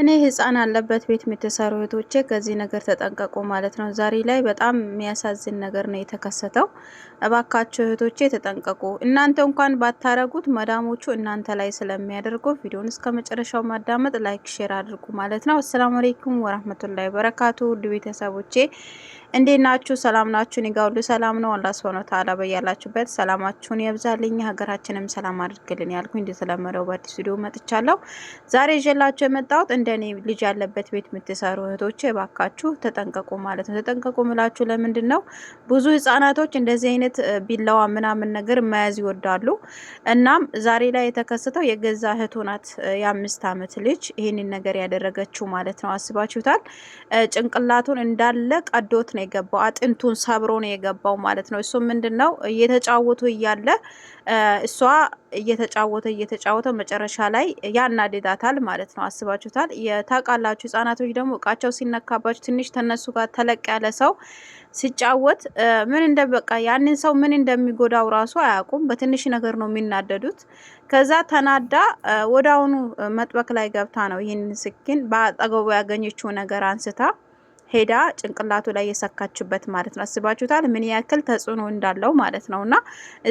እኔ ህፃን አለበት ቤት የምትሰሩ እህቶቼ ከዚህ ነገር ተጠንቀቁ ማለት ነው። ዛሬ ላይ በጣም የሚያሳዝን ነገር ነው የተከሰተው። እባካቸው እህቶቼ ተጠንቀቁ። እናንተ እንኳን ባታረጉት መዳሞቹ እናንተ ላይ ስለሚያደርጉ ቪዲዮን እስከ መጨረሻው ማዳመጥ፣ ላይክ፣ ሼር አድርጉ ማለት ነው። አሰላሙ አለይኩም ወራህመቱላይ በረካቱ ውድ ቤተሰቦቼ እንዴት ናችሁ? ሰላም ናችሁ? እኔ ጋር ሁሉ ሰላም ነው። አላህ ሱብሐነሁ ወተዓላ በያላችሁበት ሰላማችሁን ያብዛልኝ፣ ሀገራችንም ሰላም አድርግልን ያልኩኝ እንደተለመደው በአዲስ ቪዲዮ መጥቻለሁ። ዛሬ ይዤላችሁ የመጣሁት እንደኔ ልጅ ያለበት ቤት የምትሰሩ እህቶቼ እባካችሁ ተጠንቀቁ ማለት ነው። ተጠንቀቁ ምላችሁ ለምንድን ነው? ብዙ ህጻናቶች እንደዚህ አይነት ቢላዋ ምናምን ነገር መያዝ ይወዳሉ። እናም ዛሬ ላይ የተከሰተው የገዛ እህቱ ናት የአምስት አመት ልጅ ይህንን ነገር ያደረገችው ማለት ነው። አስባችሁታል? ጭንቅላቱን እንዳለ ቀዶት ነው የገባው፣ አጥንቱን ሰብሮ ነው የገባው ማለት ነው። እሱም ምንድን ነው እየተጫወቱ እያለ እሷ እየተጫወተ እየተጫወተ መጨረሻ ላይ ያናድዳታል ማለት ነው። አስባችሁታል። የታውቃላችሁ ህጻናቶች ደግሞ እቃቸው ሲነካባችሁ ትንሽ ተነሱ ጋር ተለቅ ያለ ሰው ሲጫወት ምን እንደ በቃ ያንን ሰው ምን እንደሚጎዳው ራሱ አያውቁም። በትንሽ ነገር ነው የሚናደዱት። ከዛ ተናዳ ወደ አሁኑ መጥበቅ ላይ ገብታ ነው ይህንን ስኪን በአጠገቡ ያገኘችው ነገር አንስታ ሄዳ ጭንቅላቱ ላይ የሰካችበት ማለት ነው። አስባችሁታል? ምን ያክል ተጽዕኖ እንዳለው ማለት ነው። እና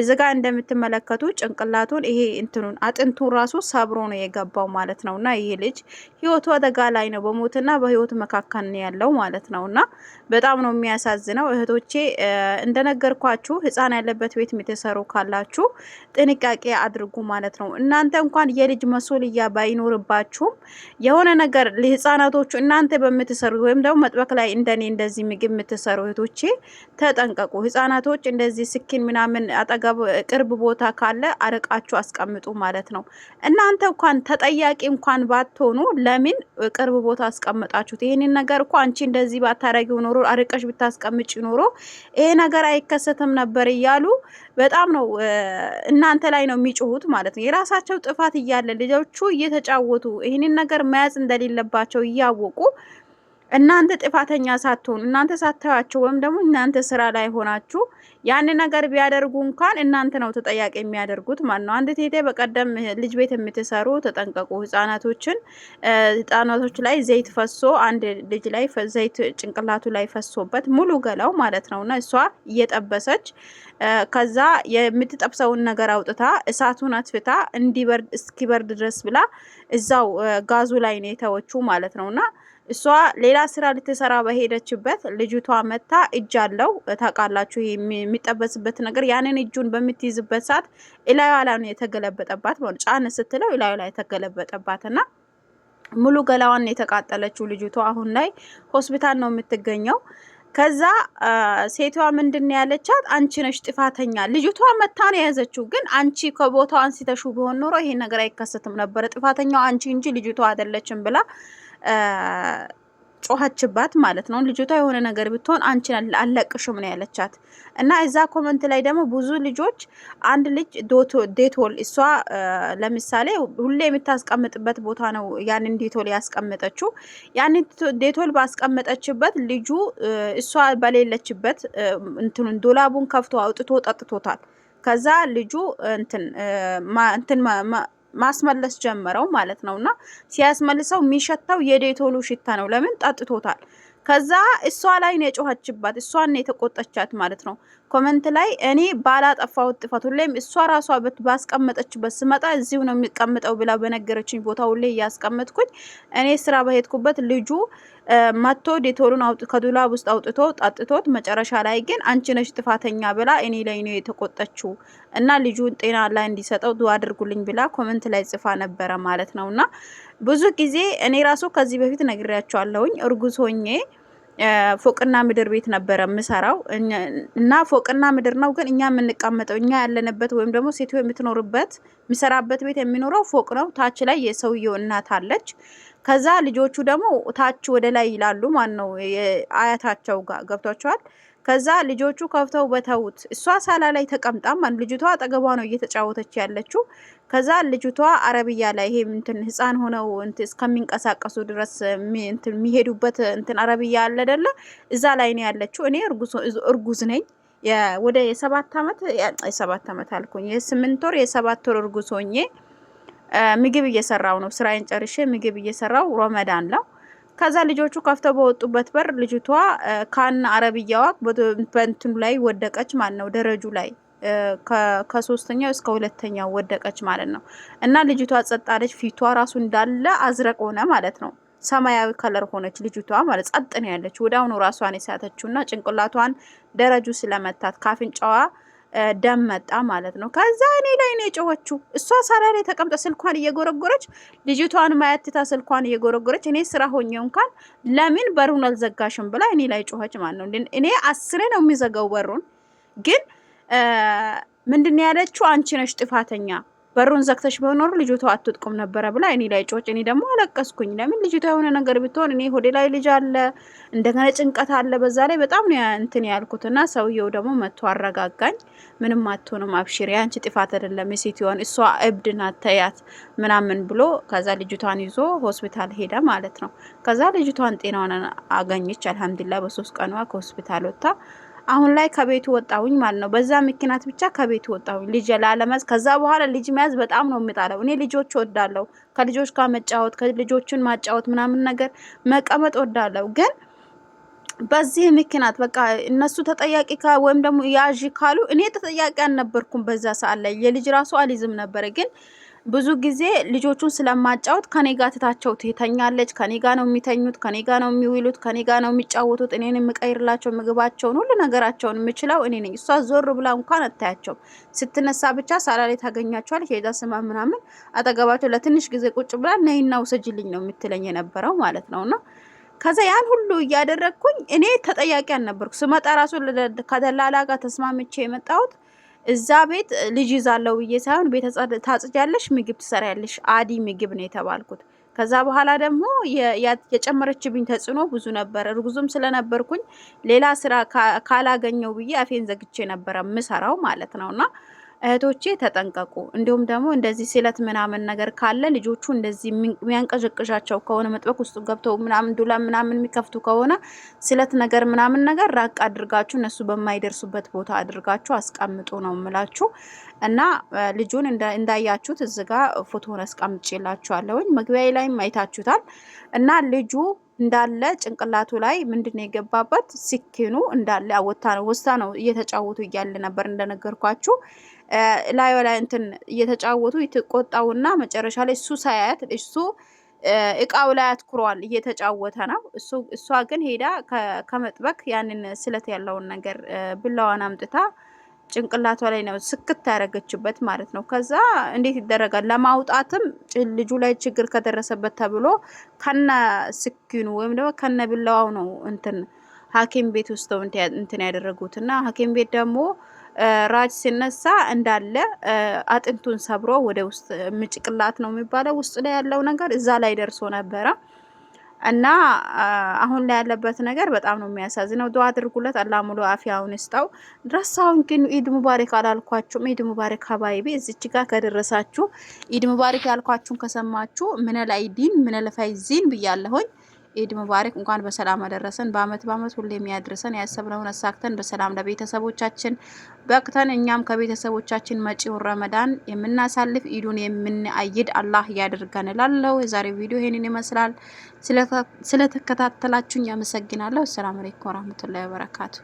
እዚ ጋር እንደምትመለከቱ ጭንቅላቱን ይሄ እንትኑን አጥንቱ ራሱ ሰብሮ ነው የገባው ማለት ነው። እና ይሄ ልጅ ህይወቱ አደጋ ላይ ነው፣ በሞትና በህይወት መካከል ነው ያለው ማለት ነው። እና በጣም ነው የሚያሳዝነው እህቶቼ። እንደነገርኳችሁ ህፃን ያለበት ቤት የምትሰሩ ካላችሁ ጥንቃቄ አድርጉ ማለት ነው። እናንተ እንኳን የልጅ መሶልያ ባይኖርባችሁም የሆነ ነገር ለህፃናቶቹ እናንተ በምትሰሩት ወይም ደግሞ መጥበቅ ላይ እንደኔ እንደዚህ ምግብ የምትሰሩ እህቶቼ ተጠንቀቁ። ህጻናቶች እንደዚህ ስኪን ምናምን አጠገብ ቅርብ ቦታ ካለ አርቃችሁ አስቀምጡ ማለት ነው። እናንተ እንኳን ተጠያቂ እንኳን ባትሆኑ ለምን ቅርብ ቦታ አስቀምጣችሁት? ይህንን ነገር እኮ አንቺ እንደዚህ ባታረጊው ኖሮ አርቀሽ ብታስቀምጭ ኖሮ ይሄ ነገር አይከሰትም ነበር እያሉ በጣም ነው እናንተ ላይ ነው የሚጮሁት ማለት ነው። የራሳቸው ጥፋት እያለ ልጆቹ እየተጫወቱ ይህንን ነገር መያዝ እንደሌለባቸው እያወቁ እናንተ ጥፋተኛ ሳትሆኑ እናንተ ሳታያቸው ወይም ደግሞ እናንተ ስራ ላይ ሆናችሁ ያን ነገር ቢያደርጉ እንኳን እናንተ ነው ተጠያቂ የሚያደርጉት ማለት ነው። አንድ ቴቴ በቀደም ልጅ ቤት የምትሰሩ ተጠንቀቁ፣ ህጻናቶችን ህጻናቶች ላይ ዘይት ፈሶ አንድ ልጅ ላይ ዘይት ጭንቅላቱ ላይ ፈሶበት ሙሉ ገላው ማለት ነው እና እሷ እየጠበሰች ከዛ የምትጠብሰውን ነገር አውጥታ እሳቱን አትፍታ እንዲበርድ እስኪበርድ ድረስ ብላ እዛው ጋዙ ላይ ነው የተወቹ ማለት ነው እና እሷ ሌላ ስራ ልትሰራ በሄደችበት ልጅቷ መታ እጅ አለው ታውቃላችሁ፣ የሚጠበስበት ነገር ያንን እጁን በምትይዝበት ሰዓት እላዩ ላይ ነው የተገለበጠባት። ጫን ስትለው እላዩ ላይ የተገለበጠባት እና ሙሉ ገላዋን የተቃጠለችው ልጅቷ አሁን ላይ ሆስፒታል ነው የምትገኘው። ከዛ ሴቷ ምንድን ያለቻት አንቺ ነሽ ጥፋተኛ። ልጅቷ መታ ነው የያዘችው። ግን አንቺ ከቦታው አንስተሹ ቢሆን ኖሮ ይሄ ነገር አይከሰትም ነበረ። ጥፋተኛው አንቺ እንጂ ልጅቷ አይደለችም ብላ ጮኸችባት ማለት ነው። ልጅቷ የሆነ ነገር ብትሆን አንቺን አለቅሽም ነው ያለቻት። እና እዛ ኮመንት ላይ ደግሞ ብዙ ልጆች አንድ ልጅ ዴቶል እሷ ለምሳሌ ሁሌ የምታስቀምጥበት ቦታ ነው ያንን ዴቶል ያስቀመጠችው። ያንን ዴቶል ባስቀመጠችበት ልጁ እሷ በሌለችበት እንትኑን ዶላቡን ከፍቶ አውጥቶ ጠጥቶታል። ከዛ ልጁ እንትን ማስመለስ ጀመረው ማለት ነው። እና ሲያስመልሰው የሚሸተው የዴቶሉ ሽታ ነው። ለምን ጠጥቶታል። ከዛ እሷ ላይ ነው የጮኸችባት፣ እሷን ነው የተቆጠቻት ማለት ነው። ኮመንት ላይ እኔ ባላጠፋሁት ጥፋት ሁሌም እሷ ራሷ በት ባስቀመጠችበት ስመጣ እዚሁ ነው የሚቀምጠው ብላ በነገረችኝ ቦታ ሁሌ እያስቀመጥኩኝ እኔ ስራ በሄድኩበት ልጁ መጥቶ ዴቶሉን ከዱላብ ውስጥ አውጥቶ ጣጥቶት መጨረሻ ላይ ግን አንቺ ነሽ ጥፋተኛ ብላ እኔ ላይ ነው የተቆጠችው እና ልጁን ጤና ላይ እንዲሰጠው ዱ አድርጉልኝ ብላ ኮመንት ላይ ጽፋ ነበረ ማለት ነው። እና ብዙ ጊዜ እኔ ራሱ ከዚህ በፊት ነግሬያቸዋለሁኝ እርጉዝ ሆኜ ፎቅና ምድር ቤት ነበረ የምሰራው እና ፎቅና ምድር ነው፣ ግን እኛ የምንቀመጠው እኛ ያለንበት ወይም ደግሞ ሴት የምትኖርበት የምሰራበት ቤት የሚኖረው ፎቅ ነው። ታች ላይ የሰውየው እናት አለች። ከዛ ልጆቹ ደግሞ ታች ወደ ላይ ይላሉ። ማን ነው አያታቸው ጋር ገብቷቸዋል። ከዛ ልጆቹ ከፍተው በተውት እሷ ሳላ ላይ ተቀምጣ ልጅቷ አጠገቧ ነው እየተጫወተች ያለችው። ከዛ ልጅቷ አረብያ ላይ ይሄ እንትን ህፃን ሆነው እስከሚንቀሳቀሱ ድረስ የሚሄዱበት እንትን አረብያ አለ አይደለ? እዛ ላይ ነው ያለችው። እኔ እርጉዝ ነኝ። ወደ የሰባት ዓመት የሰባት ዓመት አልኩኝ የስምንት ወር የሰባት ወር እርጉዝ ሆኜ ምግብ እየሰራው ነው። ስራዬን ጨርሼ ምግብ እየሰራው ሮመዳን ነው። ከዛ ልጆቹ ከፍተው በወጡበት በር ልጅቷ ካን አረብያዋ በእንትኑ ላይ ወደቀች ማለት ነው፣ ደረጁ ላይ ከሶስተኛው እስከ ሁለተኛው ወደቀች ማለት ነው። እና ልጅቷ ጸጥ አለች። ፊቷ ራሱ እንዳለ አዝረቅ ሆነ ማለት ነው። ሰማያዊ ከለር ሆነች ልጅቷ ማለት ጸጥ ነው ያለች። ወደ አሁኑ ራሷን የሳተችው እና ጭንቅላቷን ደረጁ ስለመታት ካፍንጫዋ ደም መጣ ማለት ነው። ከዛ እኔ ላይ ነው የጮኸችው። እሷ ሳራ ላይ ተቀምጠ ስልኳን እየጎረጎረች ልጅቷን ማያትታ ስልኳን እየጎረጎረች እኔ ስራ ሆኜ እንኳን ለምን በሩን አልዘጋሽም ብላ እኔ ላይ ጮኸች ማለት ነው። እኔ አስሬ ነው የሚዘጋው በሩን ግን ምንድን ያለችው አንቺ ነሽ ጥፋተኛ በሩን ዘግተሽ በኖሩ ልጅቷ አትጥቁም ነበረ ብላ እኔ ላይ ጮች። እኔ ደግሞ አለቀስኩኝ። ለምን ልጅቷ የሆነ ነገር ብትሆን እኔ ሆዴ ላይ ልጅ አለ፣ እንደገና ጭንቀት አለ። በዛ ላይ በጣም ነው እንትን ያልኩት እና ሰውየው ደግሞ መጥቶ አረጋጋኝ። ምንም አትሆንም አብሽር፣ ያንቺ ጥፋት አይደለም የሴት ይሆን እሷ እብድ ናት ተያት ምናምን ብሎ ከዛ ልጅቷን ይዞ ሆስፒታል ሄደ ማለት ነው። ከዛ ልጅቷን ጤናዋን አገኘች። አልሐምዱሊላህ በሶስት ቀኗ ከሆስፒታል ወጥታ አሁን ላይ ከቤቱ ወጣሁኝ ማለት ነው። በዛ ምክንያት ብቻ ከቤቱ ወጣሁኝ ልጅ ላለመያዝ። ከዛ በኋላ ልጅ መያዝ በጣም ነው የምጣለው። እኔ ልጆች ወዳለው ከልጆች ጋር መጫወት፣ ከልጆቹን ማጫወት ምናምን ነገር መቀመጥ ወዳለው ግን በዚህ ምክንያት በቃ እነሱ ተጠያቂ ወይም ደግሞ ያዥ ካሉ እኔ ተጠያቂ አልነበርኩም። በዛ ሰዓት ላይ የልጅ ራሱ አልይዝም ነበረ ግን ብዙ ጊዜ ልጆቹን ስለማጫወት ከኔ ጋ ትታቸው ትተኛለች። ከኔ ጋ ነው የሚተኙት፣ ከኔ ጋ ነው የሚውሉት፣ ከኔ ጋ ነው የሚጫወቱት። እኔን የምቀይርላቸው ምግባቸውን፣ ሁሉ ነገራቸውን የምችለው እኔ ነኝ። እሷ ዞር ብላ እንኳን አታያቸውም። ስትነሳ ብቻ ሳላ ላይ ታገኛቸዋለች። ሄዳ ስማ ምናምን አጠገባቸው ለትንሽ ጊዜ ቁጭ ብላ ነይና ውሰጅልኝ ነው የምትለኝ የነበረው ማለት ነውና ከዛ ያን ሁሉ እያደረግኩኝ እኔ ተጠያቂ አልነበርኩ። ስመጣ ራሱ ከደላላ ጋር ተስማምቼ የመጣሁት እዛ ቤት ልጅ ይዛለው ብዬ ሳይሆን ቤት ታጽጃለሽ፣ ምግብ ትሰሪያለሽ፣ አዲ ምግብ ነው የተባልኩት። ከዛ በኋላ ደግሞ የጨመረችብኝ ተጽዕኖ ብዙ ነበር። እርጉዙም ስለነበርኩኝ ሌላ ስራ ካላገኘው ብዬ አፌን ዘግቼ ነበረ ምሰራው ማለት ነው እና እህቶቼ ተጠንቀቁ። እንዲሁም ደግሞ እንደዚህ ስለት ምናምን ነገር ካለ ልጆቹ እንደዚህ የሚያንቀዠቅዣቸው ከሆነ መጥበቅ ውስጥ ገብተው ምናምን ዱላ ምናምን የሚከፍቱ ከሆነ ስለት ነገር ምናምን ነገር ራቅ አድርጋችሁ እነሱ በማይደርሱበት ቦታ አድርጋችሁ አስቀምጡ ነው ምላችሁ። እና ልጁን እንዳያችሁት እዚህ ጋር ፎቶን አስቀምጬላችኋለሁኝ መግቢያ ላይም አይታችሁታል። እና ልጁ እንዳለ ጭንቅላቱ ላይ ምንድን ነው የገባበት? ሲኪኑ እንዳለ ነው ወስታ ነው እየተጫወቱ እያለ ነበር እንደነገርኳችሁ ላይ ላይ እንትን እየተጫወቱ የተቆጣውና መጨረሻ ላይ እሱ ሳያት እሱ እቃው ላይ አትኩሯል እየተጫወተ ነው። እሷ ግን ሄዳ ከመጥበቅ ያንን ስለት ያለውን ነገር ብላዋን አምጥታ ጭንቅላቷ ላይ ነው ስክት ያደረገችበት ማለት ነው። ከዛ እንዴት ይደረጋል? ለማውጣትም ልጁ ላይ ችግር ከደረሰበት ተብሎ ከነ ስኪኑ ወይም ደግሞ ከነ ብላዋው ነው እንትን ሐኪም ቤት ውስጥ እንትን ያደረጉት እና ሐኪም ቤት ደግሞ ራጅ ሲነሳ እንዳለ አጥንቱን ሰብሮ ወደ ውስጥ ምጭቅላት ነው የሚባለው ውስጥ ላይ ያለው ነገር እዛ ላይ ደርሶ ነበረ እና አሁን ላይ ያለበት ነገር በጣም ነው የሚያሳዝነው። ዱዓ አድርጉለት፣ አላህ ሙሉ አፊያውን ይስጣው። ድረሳውን ግን ኢድ ሙባሪክ አላልኳችሁም። ኢድ ሙባሪክ ሀባይቢ እዚች ጋር ከደረሳችሁ ኢድ ሙባሪክ ያልኳችሁን ከሰማችሁ ምነል አይዲን ምነል ዚን ብያለሁኝ። ኢድ ሙባረክ እንኳን በሰላም አደረሰን። በአመት በአመት ሁሌ ያድርሰን። ያሰብነውን አሳክተን በሰላም ለቤተሰቦቻችን በቅተን እኛም ከቤተሰቦቻችን መጪውን ረመዳን የምናሳልፍ ኢዱን የምንአይድ አላህ ያድርገን እላለሁ። የዛሬው ቪዲዮ ይሄንን ይመስላል። ስለተከታተላችሁኝ አመሰግናለሁ። አሰላሙ አለይኩም ወራህመቱላሂ ወበረካቱ።